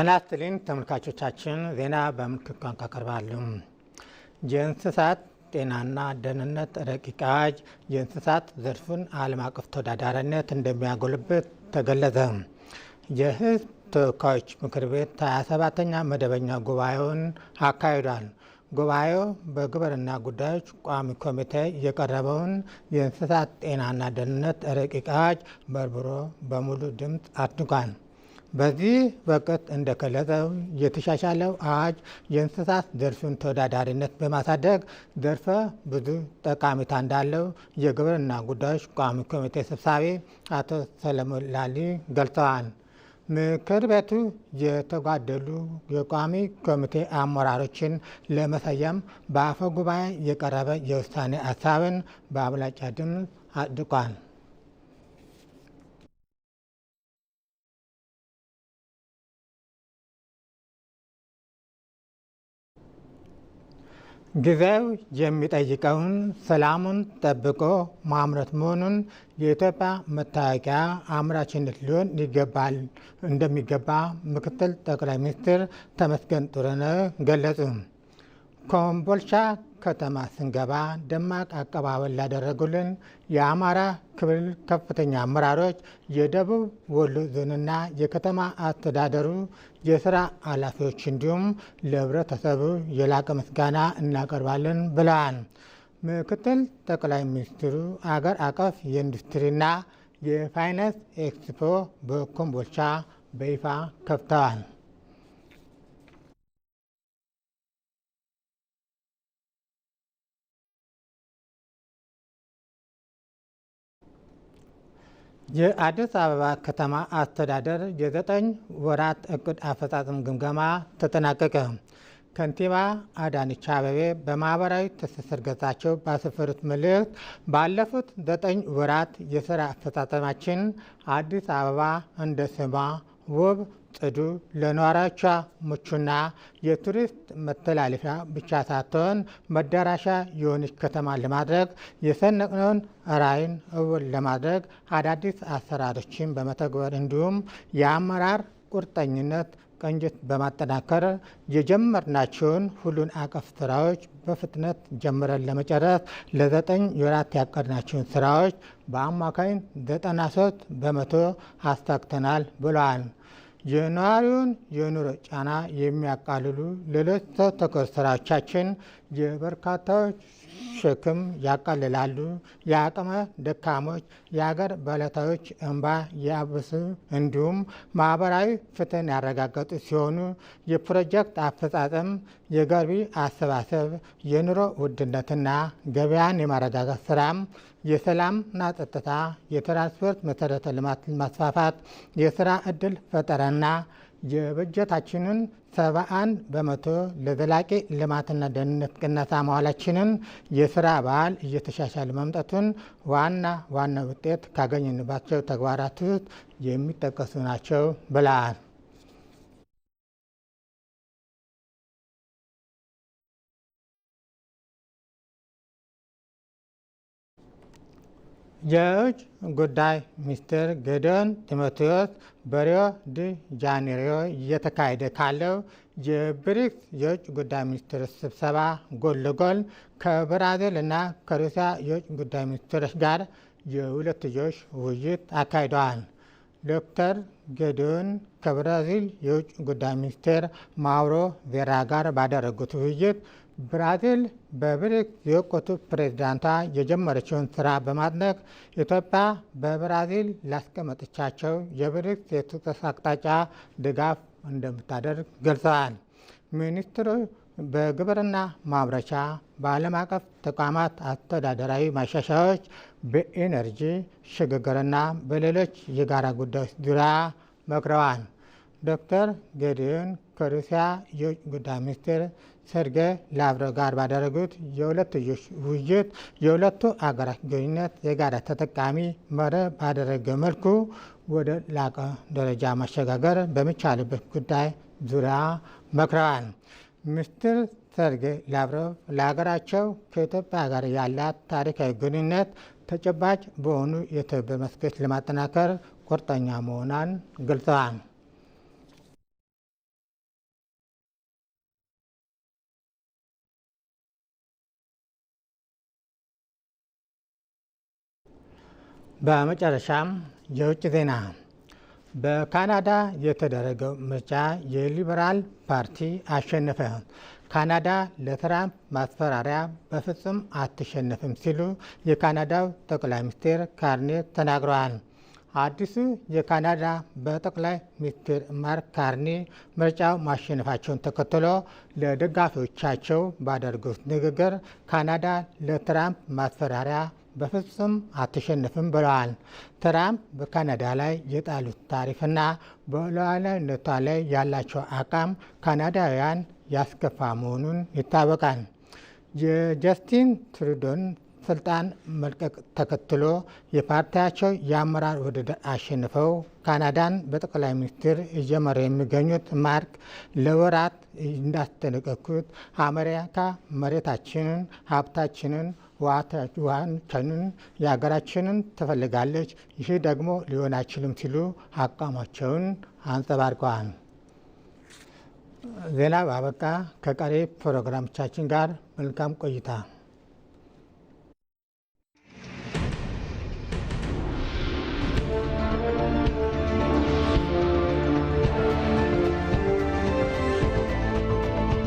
ጤና ይስጥልኝ ተመልካቾቻችን፣ ዜና በምልክት ቋንቋ ቀርባሉ። የእንስሳት ጤናና ደህንነት ረቂቅ አዋጅ የእንስሳት ዘርፉን ዓለም አቀፍ ተወዳዳሪነት እንደሚያጎልበት ተገለጸ። የሕዝብ ተወካዮች ምክር ቤት 27ኛ መደበኛ ጉባኤውን አካሂዷል። ጉባኤው በግብርና ጉዳዮች ቋሚ ኮሚቴ የቀረበውን የእንስሳት ጤናና ደህንነት ረቂቅ አዋጅ በርብሮ በሙሉ ድምፅ አድጓል። በዚህ ወቅት እንደ የተሻሻለው አዋጅ የእንስሳት ዘርፍን ተወዳዳሪነት በማሳደግ ዘርፈ ብዙ ጠቃሚታ እንዳለው የግብርና ጉዳዮች ቋሚ ኮሚቴ ሰብሳቢ አቶ ሰለሞን ላሊ ገልጸዋል። ምክር ቤቱ የተጓደሉ የቋሚ ኮሚቴ አመራሮችን ለመሰየም በአፈ ጉባኤ የቀረበ የውሳኔ ሀሳብን በአብላጫ ድምፅ አጽድቋል። ጊዜው የሚጠይቀውን ሰላሙን ጠብቆ ማምረት መሆኑን የኢትዮጵያ መታወቂያ አምራችነት ሊሆን ይገባል እንደሚገባ ምክትል ጠቅላይ ሚኒስትር ተመስገን ጥሩነህ ገለጹ። ኮምቦልቻ ከተማ ስንገባ ደማቅ አቀባበል ላደረጉልን የአማራ ክልል ከፍተኛ አመራሮች፣ የደቡብ ወሎ ዞንና የከተማ አስተዳደሩ የስራ ኃላፊዎች እንዲሁም ለህብረተሰቡ የላቀ ምስጋና እናቀርባለን ብለዋል። ምክትል ጠቅላይ ሚኒስትሩ አገር አቀፍ የኢንዱስትሪና የፋይናንስ ኤክስፖ በኮምቦልቻ በይፋ ከፍተዋል። የአዲስ አበባ ከተማ አስተዳደር የዘጠኝ ወራት እቅድ አፈጻጸም ግምገማ ተጠናቀቀ። ከንቲባ አዳነች አቤቤ በማህበራዊ ትስስር ገጻቸው ባሰፈሩት መልእክት ባለፉት ዘጠኝ ወራት የስራ አፈጻጸማችን አዲስ አበባ እንደ ስሟ ውብ ጽዱ ለኗራቻ ምቹና የቱሪስት መተላለፊያ ብቻ ሳትሆን መዳረሻ የሆነች ከተማ ለማድረግ የሰነቅነውን ራዕይን እውን ለማድረግ አዳዲስ አሰራሮችን በመተግበር እንዲሁም የአመራር ቁርጠኝነት ቅንጅት በማጠናከር የጀመርናቸውን ሁሉን አቀፍ ስራዎች በፍጥነት ጀምረን ለመጨረስ ለዘጠኝ ወራት ያቀድናቸውን ስራዎች በአማካኝ ሶስት በመቶ አሳክተናል ብለዋል። የነዋሪውን የኑሮ ጫና የሚያቃልሉ ለዕለተ ተከስተራቻችን የበርካታዎች ሸክም ያቃልላሉ። የአቅመ ደካሞች የአገር በለታዎች እንባ ያብስ እንዲሁም ማህበራዊ ፍትህን ያረጋገጡ ሲሆኑ የፕሮጀክት አፈጻጸም፣ የገቢ አሰባሰብ፣ የኑሮ ውድነትና ገበያን የማረጋጋት ስራም የሰላምና ጸጥታ፣ የትራንስፖርት መሰረተ ልማት ማስፋፋት፣ የስራ እድል ፈጠረና። የበጀታችንን 71 በመቶ ለዘላቂ ልማትና ደህንነት ቅነሳ መዋላችንን የስራ ባህል እየተሻሻለ መምጠቱን ዋና ዋና ውጤት ካገኘንባቸው ተግባራት ውስጥ የሚጠቀሱ ናቸው ብለዋል። የውጭ ጉዳይ ሚኒስትር ጌዲዮን ቲሞቴዎስ በሪዮ ዲ ጃኔሪዮ እየተካሄደ ካለው የብሪክስ የውጭ ጉዳይ ሚኒስትር ስብሰባ ጎን ለጎን ከብራዚል እና ከሩሲያ የውጭ ጉዳይ ሚኒስትሮች ጋር የሁለትዮሽ ውይይት አካሂደዋል። ዶክተር ጌዲዮን ከብራዚል የውጭ ጉዳይ ሚኒስትር ማውሮ ቬራ ጋር ባደረጉት ውይይት ብራዚል በብሪክስ የወቅቱ ፕሬዚዳንቷ የጀመረችውን ስራ በማድነቅ ኢትዮጵያ በብራዚል ላስቀመጠቻቸው የብሪክስ የትኩረት አቅጣጫ ድጋፍ እንደምታደርግ ገልጸዋል። ሚኒስትሩ በግብርና ማምረቻ፣ በዓለም አቀፍ ተቋማት አስተዳደራዊ ማሻሻያዎች፣ በኤነርጂ ሽግግርና በሌሎች የጋራ ጉዳዮች ዙሪያ መክረዋል። ዶክተር ጌዲዮን ከሩሲያ የውጭ ጉዳይ ሚኒስቴር ሰርገ ላብሮ ጋር ባደረጉት የሁለትዮሽ ውይይት የሁለቱ አገራት ግንኙነት የጋራ ተጠቃሚ መረ ባደረገ መልኩ ወደ ላቀ ደረጃ ማሸጋገር በሚቻልበት ጉዳይ ዙሪያ መክረዋል። ሚስትር ሰርጌ ላቭሮቭ ለሀገራቸው ከኢትዮጵያ ጋር ያላት ታሪካዊ ግንኙነት ተጨባጭ በሆኑ የትብብር መስኮች ለማጠናከር ቁርጠኛ መሆኗን ገልጸዋል። በመጨረሻም የውጭ ዜና። በካናዳ የተደረገው ምርጫ የሊበራል ፓርቲ አሸነፈ። ካናዳ ለትራምፕ ማስፈራሪያ በፍጹም አትሸነፍም ሲሉ የካናዳው ጠቅላይ ሚኒስትር ካርኔ ተናግረዋል። አዲሱ የካናዳ በጠቅላይ ሚኒስትር ማርክ ካርኔ ምርጫው ማሸነፋቸውን ተከትሎ ለደጋፊዎቻቸው ባደረጉት ንግግር ካናዳ ለትራምፕ ማስፈራሪያ በፍጹም አትሸንፍም ብለዋል። ትራምፕ በካናዳ ላይ የጣሉት ታሪፍና በሉዓላዊነቷ ላይ ያላቸው አቋም ካናዳውያን ያስከፋ መሆኑን ይታወቃል። የጀስቲን ትሩዶን ስልጣን መልቀቅ ተከትሎ የፓርቲያቸው የአመራር ውድድር አሸንፈው ካናዳን በጠቅላይ ሚኒስትር እየመሩ የሚገኙት ማርክ ለወራት እንዳስጠነቀቁት አሜሪካ መሬታችንን፣ ሀብታችንን ውሃን የሀገራችንን ትፈልጋለች፣ ይህ ደግሞ ሊሆን አይችልም ሲሉ አቋማቸውን አንጸባርቀዋል። ዜና አበቃ ከቀሪ ፕሮግራሞቻችን ጋር መልካም ቆይታ